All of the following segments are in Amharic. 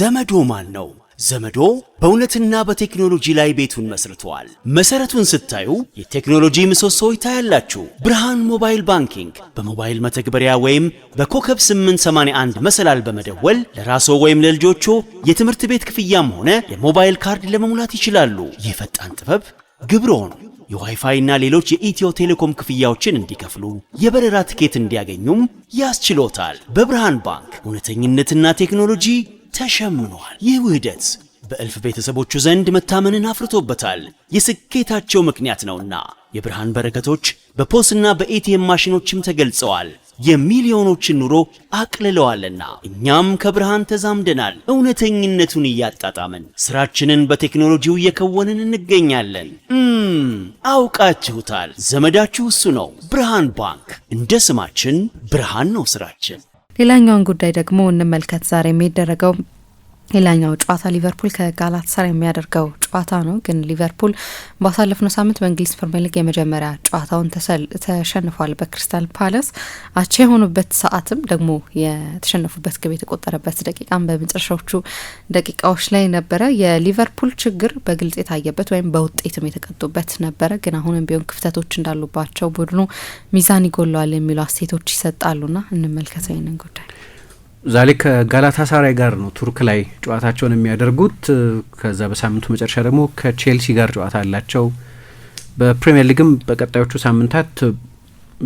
ዘመዶ ማን ነው? ዘመዶ በእውነትና በቴክኖሎጂ ላይ ቤቱን መስርተዋል። መሰረቱን ስታዩ የቴክኖሎጂ ምሰሶ ታያላችሁ። ብርሃን ሞባይል ባንኪንግ በሞባይል መተግበሪያ ወይም በኮከብ 881 መሰላል በመደወል ለራስዎ ወይም ለልጆቹ የትምህርት ቤት ክፍያም ሆነ የሞባይል ካርድ ለመሙላት ይችላሉ። የፈጣን ጥበብ ግብሮን የዋይፋይ እና ሌሎች የኢትዮ ቴሌኮም ክፍያዎችን እንዲከፍሉ የበረራ ትኬት እንዲያገኙም ያስችሎታል። በብርሃን ባንክ እውነተኝነትና ቴክኖሎጂ ተሸምኗል። ይህ ውህደት በእልፍ ቤተሰቦቹ ዘንድ መታመንን አፍርቶበታል። የስኬታቸው ምክንያት ነውና የብርሃን በረከቶች በፖስና በኤቲኤም ማሽኖችም ተገልጸዋል። የሚሊዮኖችን ኑሮ አቅልለዋልና እኛም ከብርሃን ተዛምደናል። እውነተኝነቱን እያጣጣምን ስራችንን በቴክኖሎጂው እየከወንን እንገኛለን። አውቃችሁታል። ዘመዳችሁ እሱ ነው። ብርሃን ባንክ። እንደ ስማችን ብርሃን ነው ስራችን። ሌላኛውን ጉዳይ ደግሞ እንመልከት። ዛሬ የሚደረገው ሌላኛው ጨዋታ ሊቨርፑል ከጋላት ሰር የሚያደርገው ጨዋታ ነው። ግን ሊቨርፑል ባሳለፍነው ሳምንት በእንግሊዝ ፕሪሚየር ሊግ የመጀመሪያ ጨዋታውን ተሸንፏል በክሪስታል ፓላስ። አቻ የሆኑበት ሰዓትም ደግሞ የተሸነፉበት ግብ የተቆጠረበት ደቂቃም በመጨረሻዎቹ ደቂቃዎች ላይ ነበረ። የሊቨርፑል ችግር በግልጽ የታየበት ወይም በውጤትም የተቀጡበት ነበረ። ግን አሁንም ቢሆን ክፍተቶች እንዳሉባቸው ቡድኑ ሚዛን ይጎለዋል የሚሉ አስተያየቶች ይሰጣሉና እንመልከተው ይህንን ጉዳይ ዛሬ ከጋላታ ሳራይ ጋር ነው ቱርክ ላይ ጨዋታቸውን የሚያደርጉት። ከዛ በሳምንቱ መጨረሻ ደግሞ ከቼልሲ ጋር ጨዋታ አላቸው። በፕሪምየር ሊግም በቀጣዮቹ ሳምንታት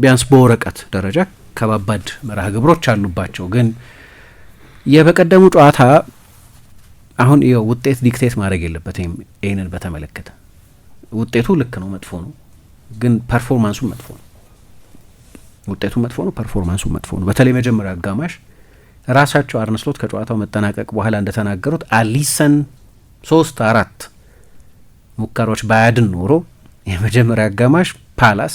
ቢያንስ በወረቀት ደረጃ ከባባድ መርሃ ግብሮች አሉባቸው። ግን የበቀደሙ ጨዋታ አሁን ውጤት ዲክቴት ማድረግ የለበትም። ይህንን በተመለከተ ውጤቱ ልክ ነው፣ መጥፎ ነው። ግን ፐርፎርማንሱ መጥፎ ነው። ውጤቱ መጥፎ ነው፣ ፐርፎርማንሱ መጥፎ ነው። በተለይ መጀመሪያ አጋማሽ ራሳቸው አርነስሎት ከጨዋታው መጠናቀቅ በኋላ እንደተናገሩት አሊሰን ሶስት አራት ሙከራዎች ባያድን ኖሮ የመጀመሪያ አጋማሽ ፓላስ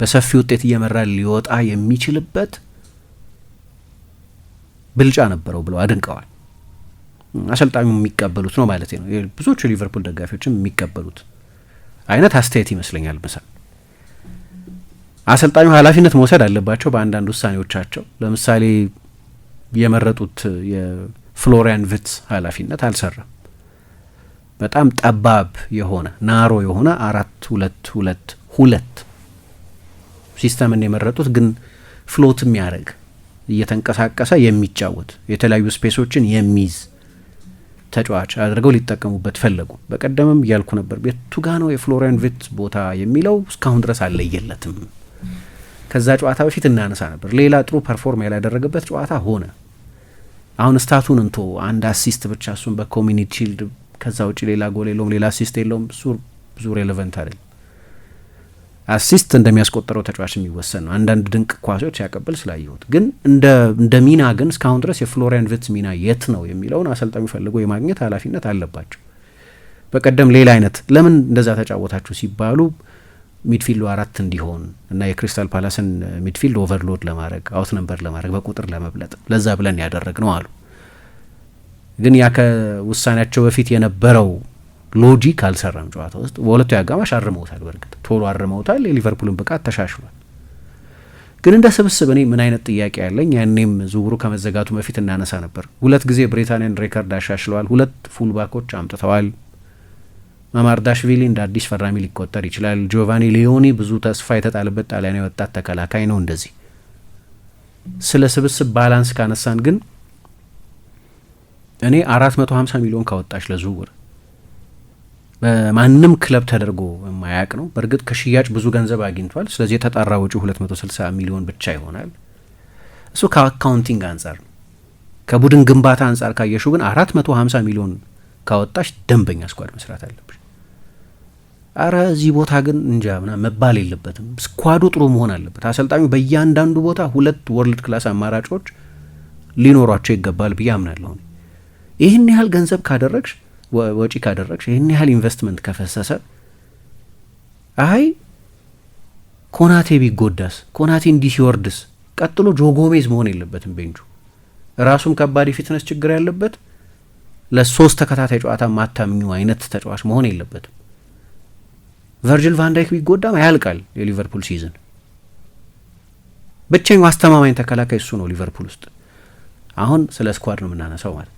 በሰፊ ውጤት እየመራ ሊወጣ የሚችልበት ብልጫ ነበረው ብለው አድንቀዋል። አሰልጣኙ የሚቀበሉት ነው ማለት ነው። ብዙዎቹ ሊቨርፑል ደጋፊዎችም የሚቀበሉት አይነት አስተያየት ይመስለኛል። ምሳል አሰልጣኙ ኃላፊነት መውሰድ አለባቸው በአንዳንድ ውሳኔዎቻቸው ለምሳሌ የመረጡት የፍሎሪያን ቪትስ ኃላፊነት አልሰራም። በጣም ጠባብ የሆነ ናሮ የሆነ አራት ሁለት ሁለት ሁለት ሲስተምን የመረጡት ግን ፍሎት የሚያደርግ እየተንቀሳቀሰ የሚጫወት የተለያዩ ስፔሶችን የሚይዝ ተጫዋች አድርገው ሊጠቀሙበት ፈለጉ። በቀደምም እያልኩ ነበር ቤቱ ጋ ነው የፍሎሪያን ቪት ቦታ የሚለው እስካሁን ድረስ አለየለትም። ከዛ ጨዋታ በፊት እናነሳ ነበር። ሌላ ጥሩ ፐርፎርም ያላደረገበት ጨዋታ ሆነ። አሁን ስታቱን እንቶ አንድ አሲስት ብቻ እሱን በኮሚኒቲ ሺልድ ከዛ ውጭ ሌላ ጎል የለውም፣ ሌላ አሲስት የለውም። እሱ ብዙ ሬሌቨንት አይደለም። አሲስት እንደሚያስቆጠረው ተጫዋች የሚወሰን ነው። አንዳንድ ድንቅ ኳሶች ያቀብል ስላየሁት፣ ግን እንደ ሚና ግን እስካሁን ድረስ የፍሎሪያን ቪትስ ሚና የት ነው የሚለውን አሰልጣኙ ፈልጎ የማግኘት ኃላፊነት አለባቸው። በቀደም ሌላ አይነት ለምን እንደዛ ተጫወታችሁ ሲባሉ ሚድፊልዱ አራት እንዲሆን እና የክሪስታል ፓላስን ሚድፊልድ ኦቨርሎድ ለማድረግ አውት ነምበር ለማድረግ በቁጥር ለመብለጥ ለዛ ብለን ያደረግ ነው አሉ። ግን ያ ከውሳኔያቸው በፊት የነበረው ሎጂክ አልሰራም። ጨዋታ ውስጥ በሁለቱ አጋማሽ አርመውታል። በእርግጥ ቶሎ አርመውታል። የሊቨርፑልን ብቃት ተሻሽሏል። ግን እንደ ስብስብ እኔ ምን አይነት ጥያቄ ያለኝ ያኔም ዝውውሩ ከመዘጋቱ በፊት እናነሳ ነበር። ሁለት ጊዜ ብሪታንያን ሬከርድ አሻሽለዋል። ሁለት ፉልባኮች አምጥተዋል። ማማርዳሽቪሊ እንደ አዲስ ፈራሚ ሊቆጠር ይችላል። ጆቫኒ ሊዮኒ ብዙ ተስፋ የተጣለበት ጣሊያን ወጣት ተከላካይ ነው። እንደዚህ ስለ ስብስብ ባላንስ ካነሳን ግን እኔ 450 ሚሊዮን ካወጣች ለዝውውር በማንም ክለብ ተደርጎ የማያውቅ ነው። በእርግጥ ከሽያጭ ብዙ ገንዘብ አግኝቷል። ስለዚህ የተጣራ ወጪው 260 ሚሊዮን ብቻ ይሆናል። እሱ ከአካውንቲንግ አንጻር ነው። ከቡድን ግንባታ አንጻር ካየሹ ግን 450 ሚሊዮን ካወጣሽ ደንበኛ ስኳድ መስራት አለብሽ። አረ እዚህ ቦታ ግን እንጃ ምና መባል የለበትም። ስኳዱ ጥሩ መሆን አለበት። አሰልጣኙ በእያንዳንዱ ቦታ ሁለት ወርልድ ክላስ አማራጮች ሊኖሯቸው ይገባል ብዬ አምናለሁ። ይህን ያህል ገንዘብ ካደረግሽ ወጪ ካደረግሽ፣ ይህን ያህል ኢንቨስትመንት ከፈሰሰ አይ ኮናቴ ቢጎዳስ፣ ኮናቴ እንዲህ ሲወርድስ፣ ቀጥሎ ጆጎሜዝ መሆን የለበትም ቤንቹ። ራሱም ከባድ የፊትነስ ችግር ያለበት ለሶስት ተከታታይ ጨዋታ ማታምኙ አይነት ተጫዋች መሆን የለበትም። ቨርጅል ቫንዳይክ ቢጎዳም አያልቃል የሊቨርፑል ሲዝን። ብቸኛው አስተማማኝ ተከላካይ እሱ ነው ሊቨርፑል ውስጥ። አሁን ስለ ስኳድ ነው የምናነሳው ማለት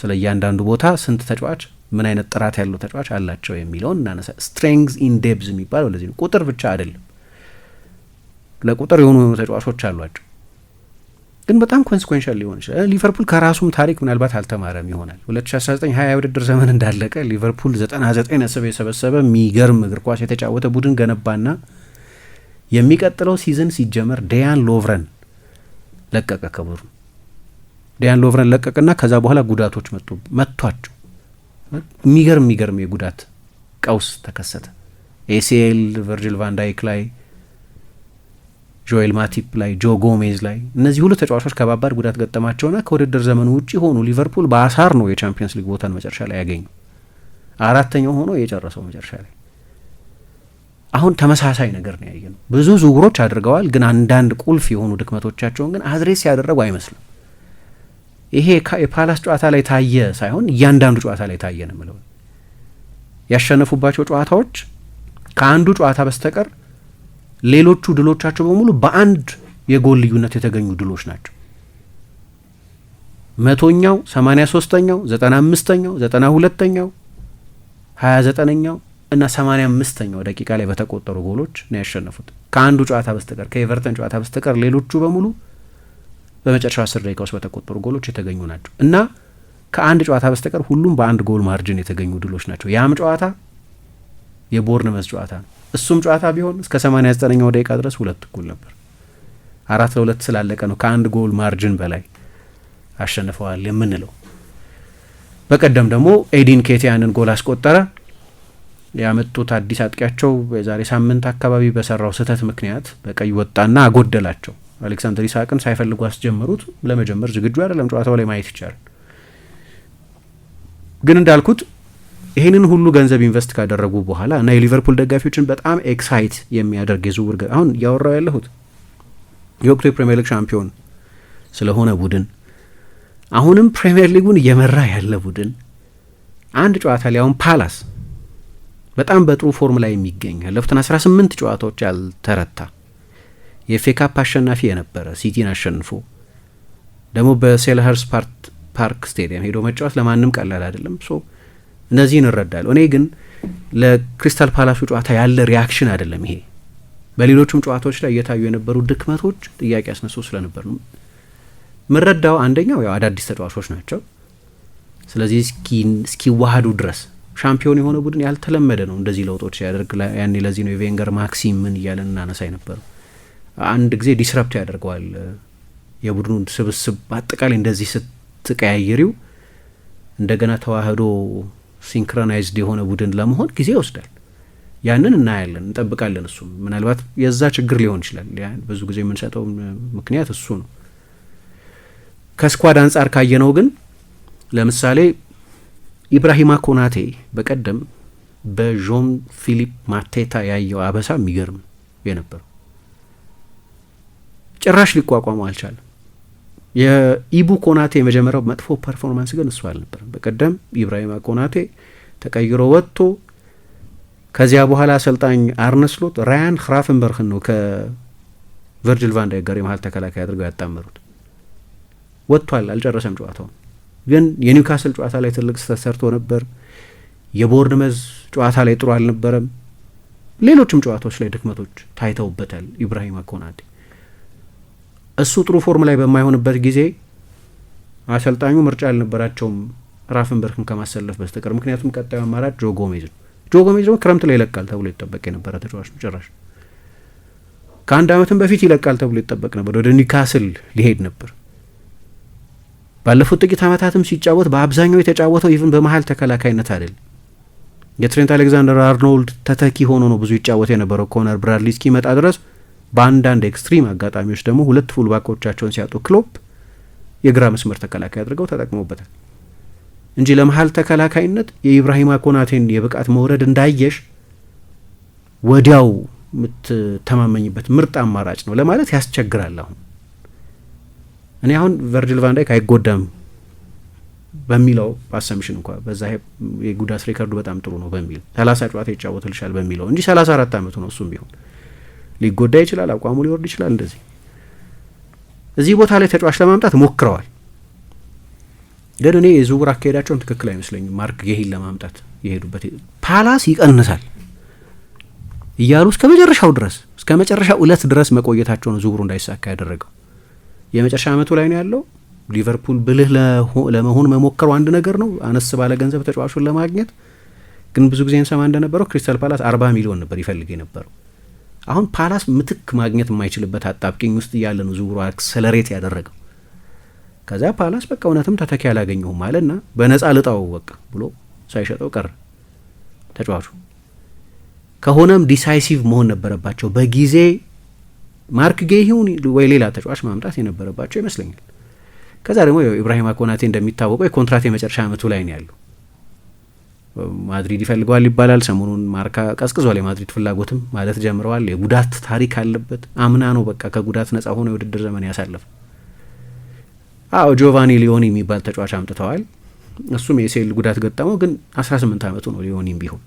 ስለ እያንዳንዱ ቦታ ስንት ተጫዋች ምን አይነት ጥራት ያለው ተጫዋች አላቸው የሚለውን እናነሳ። ስትሬንግዝ ኢን ዴብዝ የሚባለው ለዚህ ነው። ቁጥር ብቻ አይደለም፣ ለቁጥር የሆኑ ተጫዋቾች አሏቸው። ግን በጣም ኮንስኮንሻል ሊሆን ይችላል። ሊቨርፑል ከራሱም ታሪክ ምናልባት አልተማረም ይሆናል። 2019 20 ውድድር ዘመን እንዳለቀ ሊቨርፑል 99 ነጥብ የሰበሰበ የሚገርም እግር ኳስ የተጫወተ ቡድን ገነባና የሚቀጥለው ሲዝን ሲጀመር ዲያን ሎቭረን ለቀቀ ከቡድኑ። ዲያን ሎቭረን ለቀቀና ከዛ በኋላ ጉዳቶች መጡ መጥቷቸው የሚገርም የሚገርም የጉዳት ቀውስ ተከሰተ። ኤሲኤል ቨርጅል ቫንዳይክ ላይ ጆኤል ማቲፕ ላይ፣ ጆ ጎሜዝ ላይ እነዚህ ሁሉ ተጫዋቾች ከባባድ ጉዳት ገጠማቸውና ከውድድር ዘመኑ ውጭ ሆኑ። ሊቨርፑል በአሳር ነው የቻምፒየንስ ሊግ ቦታን መጨረሻ ላይ ያገኙ አራተኛው ሆኖ የጨረሰው መጨረሻ ላይ። አሁን ተመሳሳይ ነገር ነው ነው። ብዙ ዝውውሮች አድርገዋል፣ ግን አንዳንድ ቁልፍ የሆኑ ድክመቶቻቸውን ግን አድሬስ ያደረጉ አይመስልም። ይሄ የፓላስ ጨዋታ ላይ ታየ ሳይሆን እያንዳንዱ ጨዋታ ላይ ታየ ነው የምለው። ያሸነፉባቸው ጨዋታዎች ከአንዱ ጨዋታ በስተቀር ሌሎቹ ድሎቻቸው በሙሉ በአንድ የጎል ልዩነት የተገኙ ድሎች ናቸው። መቶኛው፣ ሰማኒያ ሶስተኛው፣ ዘጠና አምስተኛው፣ ዘጠና ሁለተኛው፣ ሀያ ዘጠነኛው እና ሰማኒያ አምስተኛው ደቂቃ ላይ በተቆጠሩ ጎሎች ነው ያሸነፉት። ከአንዱ ጨዋታ በስተቀር ከኤቨርተን ጨዋታ በስተቀር ሌሎቹ በሙሉ በመጨረሻው አስር ደቂቃ ውስጥ በተቆጠሩ ጎሎች የተገኙ ናቸው እና ከአንድ ጨዋታ በስተቀር ሁሉም በአንድ ጎል ማርጅን የተገኙ ድሎች ናቸው። ያም ጨዋታ የቦርንመዝ ጨዋታ ነው። እሱም ጨዋታ ቢሆን እስከ 89ኛው ደቂቃ ድረስ ሁለት እኩል ነበር። አራት ለሁለት ስላለቀ ነው ከአንድ ጎል ማርጅን በላይ አሸንፈዋል የምንለው። በቀደም ደግሞ ኤዲን ኬቲያንን ጎል አስቆጠረ። ያመጡት አዲስ አጥቂያቸው የዛሬ ሳምንት አካባቢ በሰራው ስህተት ምክንያት በቀይ ወጣና አጎደላቸው። አሌክሳንድር ኢሳቅን ሳይፈልጉ አስጀመሩት። ለመጀመር ዝግጁ አይደለም ጨዋታው ላይ ማየት ይቻላል። ግን እንዳልኩት ይህንን ሁሉ ገንዘብ ኢንቨስት ካደረጉ በኋላ እና የሊቨርፑል ደጋፊዎችን በጣም ኤክሳይት የሚያደርግ የዝውውር አሁን እያወራው ያለሁት የወቅቱ የፕሪምየር ሊግ ሻምፒዮን ስለሆነ ቡድን አሁንም ፕሪምየር ሊጉን እየመራ ያለ ቡድን አንድ ጨዋታ ላይ አሁን ፓላስ በጣም በጥሩ ፎርም ላይ የሚገኝ ያለፉትን 18 ጨዋታዎች ያልተረታ የኤፍ ካፕ አሸናፊ የነበረ ሲቲን አሸንፎ ደግሞ በሴልኸርስት ፓርክ ስቴዲየም ሄዶ መጫወት ለማንም ቀላል አይደለም። እነዚህን እረዳለሁ። እኔ ግን ለክሪስታል ፓላሱ ጨዋታ ያለ ሪያክሽን አይደለም ይሄ። በሌሎቹም ጨዋታዎች ላይ እየታዩ የነበሩ ድክመቶች ጥያቄ ያስነሱ ስለነበር ነው ምረዳው። አንደኛው ያው አዳዲስ ተጫዋቾች ናቸው። ስለዚህ እስኪዋሃዱ ድረስ ሻምፒዮን የሆነ ቡድን ያልተለመደ ነው እንደዚህ ለውጦች ሲያደርግ። ያኔ ለዚህ ነው የቬንገር ማክሲም ምን እያለን እናነሳ የነበረው። አንድ ጊዜ ዲስረፕት ያደርገዋል የቡድኑ ስብስብ። አጠቃላይ እንደዚህ ስትቀያየሪው እንደገና ተዋህዶ ሲንክሮናይዝድ የሆነ ቡድን ለመሆን ጊዜ ይወስዳል። ያንን እናያለን፣ እንጠብቃለን። እሱም ምናልባት የዛ ችግር ሊሆን ይችላል። ብዙ ጊዜ የምንሰጠው ምክንያት እሱ ነው። ከስኳድ አንጻር ካየነው ግን ለምሳሌ ኢብራሂማ ኮናቴ በቀደም በዦን ፊሊፕ ማቴታ ያየው አበሳ የሚገርም የነበረው ጭራሽ ሊቋቋመው አልቻለም። የኢቡ ኮናቴ የመጀመሪያው መጥፎ ፐርፎርማንስ ግን እሱ አልነበረም። በቀደም ኢብራሂማ ኮናቴ ተቀይሮ ወጥቶ ከዚያ በኋላ አሰልጣኝ አርነስሎት ራያን ክራፍንበርክን ነው ከቨርጅል ቫንዳይክ ጋር የመሀል ተከላካይ አድርገው ያጣመሩት። ወጥቷል፣ አልጨረሰም ጨዋታውን። ግን የኒውካስል ጨዋታ ላይ ትልቅ ስህተት ሰርቶ ነበር። መዝ ጨዋታ ላይ ጥሩ አልነበረም። ሌሎችም ጨዋታዎች ላይ ድክመቶች ታይተውበታል ኢብራሂማ ኮናቴ እሱ ጥሩ ፎርም ላይ በማይሆንበት ጊዜ አሰልጣኙ ምርጫ አልነበራቸውም ራፍንበርክን ከማሰለፍ በስተቀር ምክንያቱም ቀጣዩ አማራጭ ጆ ጎሜዝ ነው። ጆ ጎሜዝ ደግሞ ክረምት ላይ ይለቃል ተብሎ ይጠበቅ የነበረ ተጫዋች ነው። ጭራሽ ከአንድ ዓመትም በፊት ይለቃል ተብሎ ይጠበቅ ነበር። ወደ ኒካስል ሊሄድ ነበር። ባለፉት ጥቂት አመታትም ሲጫወት በአብዛኛው የተጫወተው ኢቭን በመሀል ተከላካይነት አይደለም። የትሬንት አሌክዛንደር አርኖልድ ተተኪ ሆኖ ነው ብዙ ይጫወት የነበረው። ኮነር ብራድሊ እስኪመጣ ድረስ በአንዳንድ ኤክስትሪም አጋጣሚዎች ደግሞ ሁለት ፉልባኮቻቸውን ሲያጡ ክሎፕ የግራ መስመር ተከላካይ አድርገው ተጠቅመውበታል እንጂ ለመሀል ተከላካይነት የኢብራሂማ ኮናቴን የብቃት መውረድ እንዳየሽ ወዲያው የምትተማመኝበት ምርጥ አማራጭ ነው ለማለት ያስቸግራል። አሁን እኔ አሁን ቨርጅል ቫንዳይክ አይጎዳም በሚለው አሰምሽን እንኳ በዛ የጉዳት ሪከርዱ በጣም ጥሩ ነው በሚል ሰላሳ ጨዋታ ይጫወትልሻል በሚለው እንጂ ሰላሳ አራት አመቱ ነው እሱም ቢሆን ሊጎዳ ይችላል፣ አቋሙ ሊወርድ ይችላል። እንደዚህ እዚህ ቦታ ላይ ተጫዋች ለማምጣት ሞክረዋል፣ ግን እኔ የዝውውር አካሄዳቸውን ትክክል አይመስለኝም። ማርክ ጌሂን ለማምጣት የሄዱበት ፓላስ ይቀንሳል እያሉ እስከ መጨረሻው ድረስ እስከ መጨረሻው እለት ድረስ መቆየታቸው ነው ዝውውሩ እንዳይሳካ ያደረገው። የመጨረሻ አመቱ ላይ ነው ያለው። ሊቨርፑል ብልህ ለመሆን መሞከሩ አንድ ነገር ነው፣ አነስ ባለ ገንዘብ ተጫዋቹን ለማግኘት ግን ብዙ ጊዜ እንሰማ እንደነበረው ክሪስታል ፓላስ አርባ ሚሊዮን ነበር ይፈልግ የነበረው አሁን ፓላስ ምትክ ማግኘት የማይችልበት አጣብቂኝ ውስጥ እያለ ነው ዝውውሩ አክሰለሬት ያደረገው። ከዚያ ፓላስ በቃ እውነትም ተተኪ አላገኘሁም ና በነጻ ልጣው በቃ ብሎ ሳይሸጠው ቀረ ተጫዋቹ። ከሆነም ዲሳይሲቭ መሆን ነበረባቸው በጊዜ ማርክ ጌ ወይ ሌላ ተጫዋች ማምጣት የነበረባቸው ይመስለኛል። ከዛ ደግሞ ኢብራሂማ ኮናቴ እንደሚታወቀው የኮንትራት የመጨረሻ አመቱ ላይ ነው ያለው። ማድሪድ ይፈልገዋል ይባላል። ሰሞኑን ማርካ ቀዝቅዟል፣ የማድሪድ ፍላጎትም ማለት ጀምረዋል። የጉዳት ታሪክ አለበት። አምና ነው በቃ ከጉዳት ነጻ ሆኖ የውድድር ዘመን ያሳለፈ። አዎ ጆቫኒ ሊዮኒ የሚባል ተጫዋች አምጥተዋል። እሱም የሴል ጉዳት ገጠመው፣ ግን 18 ዓመቱ ነው። ሊዮኒም ቢሆን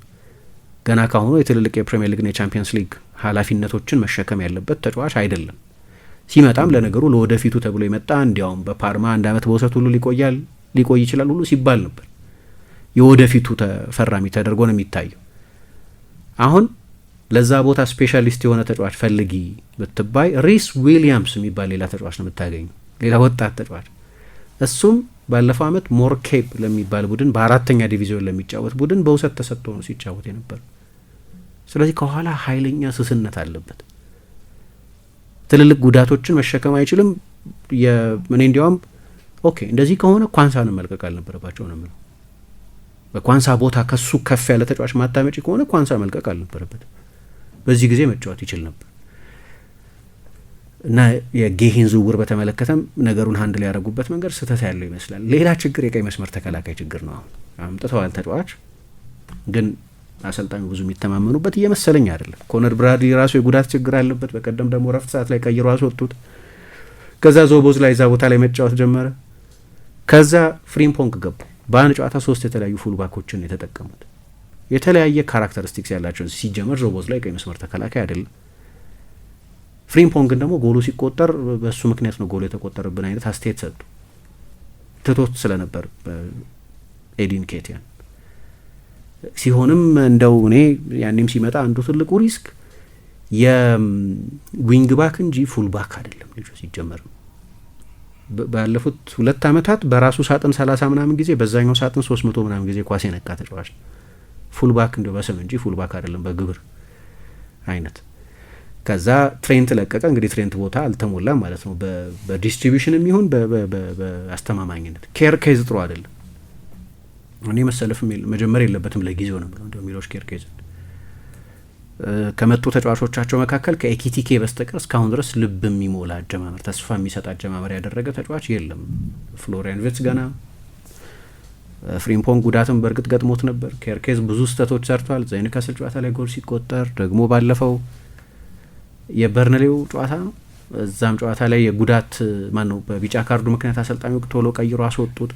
ገና ካሁኑ የትልልቅ የፕሪሚየር ሊግና የቻምፒየንስ ሊግ ኃላፊነቶችን መሸከም ያለበት ተጫዋች አይደለም። ሲመጣም ለነገሩ ለወደፊቱ ተብሎ የመጣ እንዲያውም በፓርማ አንድ ዓመት በውሰት ሁሉ ሊቆያል ሊቆይ ይችላል ሁሉ ሲባል ነበር የወደፊቱ ተፈራሚ ተደርጎ ነው የሚታየው። አሁን ለዛ ቦታ ስፔሻሊስት የሆነ ተጫዋች ፈልጊ ብትባይ ሪስ ዊሊያምስ የሚባል ሌላ ተጫዋች ነው የምታገኙ፣ ሌላ ወጣት ተጫዋች። እሱም ባለፈው ዓመት ሞርኬፕ ለሚባል ቡድን በአራተኛ ዲቪዚዮን ለሚጫወት ቡድን በውሰት ተሰጥቶ ነው ሲጫወት የነበር። ስለዚህ ከኋላ ኃይለኛ ስስነት አለበት። ትልልቅ ጉዳቶችን መሸከም አይችልም። እኔ እንዲያውም ኦኬ እንደዚህ ከሆነ ኳንሳን መልቀቅ አልነበረባቸው ነው የምለው በኳንሳ ቦታ ከሱ ከፍ ያለ ተጫዋች ማታመጪ ከሆነ ኳንሳ መልቀቅ አልነበረበት በዚህ ጊዜ መጫወት ይችል ነበር እና የጌሄን ዝውውር በተመለከተም ነገሩን ሀንድ ሊያደርጉበት መንገድ ስህተት ያለው ይመስላል። ሌላ ችግር የቀይ መስመር ተከላካይ ችግር ነው። አሁን አምጥተዋል ተጫዋች ግን አሰልጣኙ ብዙ የሚተማመኑበት እየመሰለኝ አይደለም። ኮነር ብራድሊ ራሱ የጉዳት ችግር አለበት። በቀደም ደግሞ ረፍት ሰዓት ላይ ቀይሮ አስወጡት። ከዛ ዞቦዝ ላይ እዛ ቦታ ላይ መጫወት ጀመረ። ከዛ ፍሪምፖንግ ገቡ። በአንድ ጨዋታ ሶስት የተለያዩ ፉልባኮችን የተጠቀሙት የተለያየ ካራክተሪስቲክስ ያላቸው ሲጀመር ዞቦዝ ላይ ቀኝ መስመር ተከላካይ አይደለም። ፍሪምፖንግን ደግሞ ጎሉ ሲቆጠር በእሱ ምክንያት ነው ጎሉ የተቆጠረብን አይነት አስተያየት ሰጡ። ትቶት ስለነበር ኤዲን ኬቲያን ሲሆንም እንደው እኔ ያኔም ሲመጣ አንዱ ትልቁ ሪስክ የዊንግ ባክ እንጂ ፉልባክ አይደለም ልጁ ሲጀመርም ባለፉት ሁለት አመታት በራሱ ሳጥን ሰላሳ ምናምን ጊዜ በዛኛው ሳጥን ሶስት መቶ ምናምን ጊዜ ኳስ የነካ ተጫዋች ነው። ፉልባክ እንዲ በስም እንጂ ፉልባክ አይደለም በግብር አይነት። ከዛ ትሬንት ለቀቀ። እንግዲህ ትሬንት ቦታ አልተሞላም ማለት ነው። በዲስትሪቢሽን የሚሆን በአስተማማኝነት ኬር ኬዝ ጥሩ አይደለም። እኔ መሰለፍ መጀመር የለበትም ለጊዜው ነው ብለው ሚሎሽ ኬር ኬዝ ከመጡ ተጫዋቾቻቸው መካከል ከኤኪቲኬ በስተቀር እስካሁን ድረስ ልብ የሚሞላ አጀማመር፣ ተስፋ የሚሰጥ አጀማመር ያደረገ ተጫዋች የለም። ፍሎሪያን ቪርትስ ገና፣ ፍሪምፖን ጉዳትም በእርግጥ ገጥሞት ነበር። ኬርኬዝ ብዙ ስህተቶች ሰርቷል። ከስል ጨዋታ ላይ ጎል ሲቆጠር ደግሞ ባለፈው የበርንሌው ጨዋታ ነው እዛም ጨዋታ ላይ የጉዳት ማን ነው በቢጫ ካርዱ ምክንያት አሰልጣኙ ቶሎ ቀይሮ አስወጡት።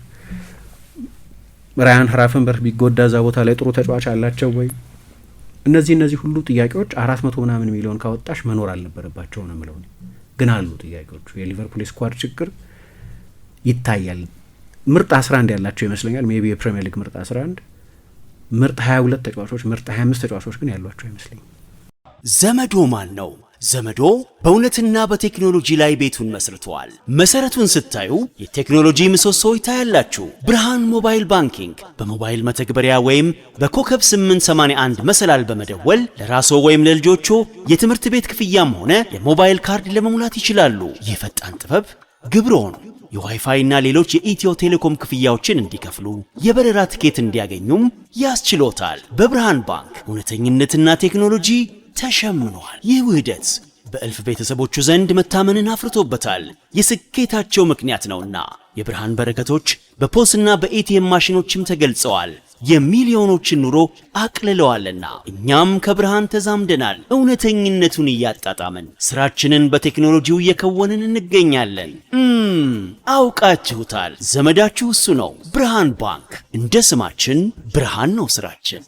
ራያን ራፍንበር ቢጎዳ እዛ ቦታ ላይ ጥሩ ተጫዋች አላቸው ወይ? እነዚህ እነዚህ ሁሉ ጥያቄዎች አራት መቶ ምናምን ሚሊዮን ካወጣሽ መኖር አልነበረባቸው ነው የምለው። ግን አሉ ጥያቄዎቹ። የሊቨርፑል ስኳድ ችግር ይታያል። ምርጥ አስራ አንድ ያላቸው ይመስለኛል። ቢ የፕሪሚየር ሊግ ምርጥ አንድ ምርጥ ሁለት ተጫዋቾች፣ ምርጥ አምስት ተጫዋቾች ግን ያሏቸው አይመስለኝም። ዘመዶ ማን ነው? ዘመዶ በእውነትና በቴክኖሎጂ ላይ ቤቱን መስርተዋል። መሰረቱን ስታዩ የቴክኖሎጂ ምሰሶ ይታያላችሁ ብርሃን ሞባይል ባንኪንግ በሞባይል መተግበሪያ ወይም በኮከብ 881 መሰላል በመደወል ለራስዎ ወይም ለልጆቹ የትምህርት ቤት ክፍያም ሆነ የሞባይል ካርድ ለመሙላት ይችላሉ። ይህ ፈጣን ጥበብ ግብሮን የዋይፋይ እና ሌሎች የኢትዮ ቴሌኮም ክፍያዎችን እንዲከፍሉ የበረራ ትኬት እንዲያገኙም ያስችሎታል። በብርሃን ባንክ እውነተኝነትና ቴክኖሎጂ ተሸምኗል። ይህ ውህደት በእልፍ ቤተሰቦቹ ዘንድ መታመንን አፍርቶበታል። የስኬታቸው ምክንያት ነውና የብርሃን በረከቶች በፖስና በኤቲኤም ማሽኖችም ተገልጸዋል። የሚሊዮኖችን ኑሮ አቅልለዋልና እኛም ከብርሃን ተዛምደናል። እውነተኝነቱን እያጣጣምን ስራችንን በቴክኖሎጂው እየከወንን እንገኛለን። አውቃችሁታል። ዘመዳችሁ እሱ ነው። ብርሃን ባንክ። እንደ ስማችን ብርሃን ነው ስራችን።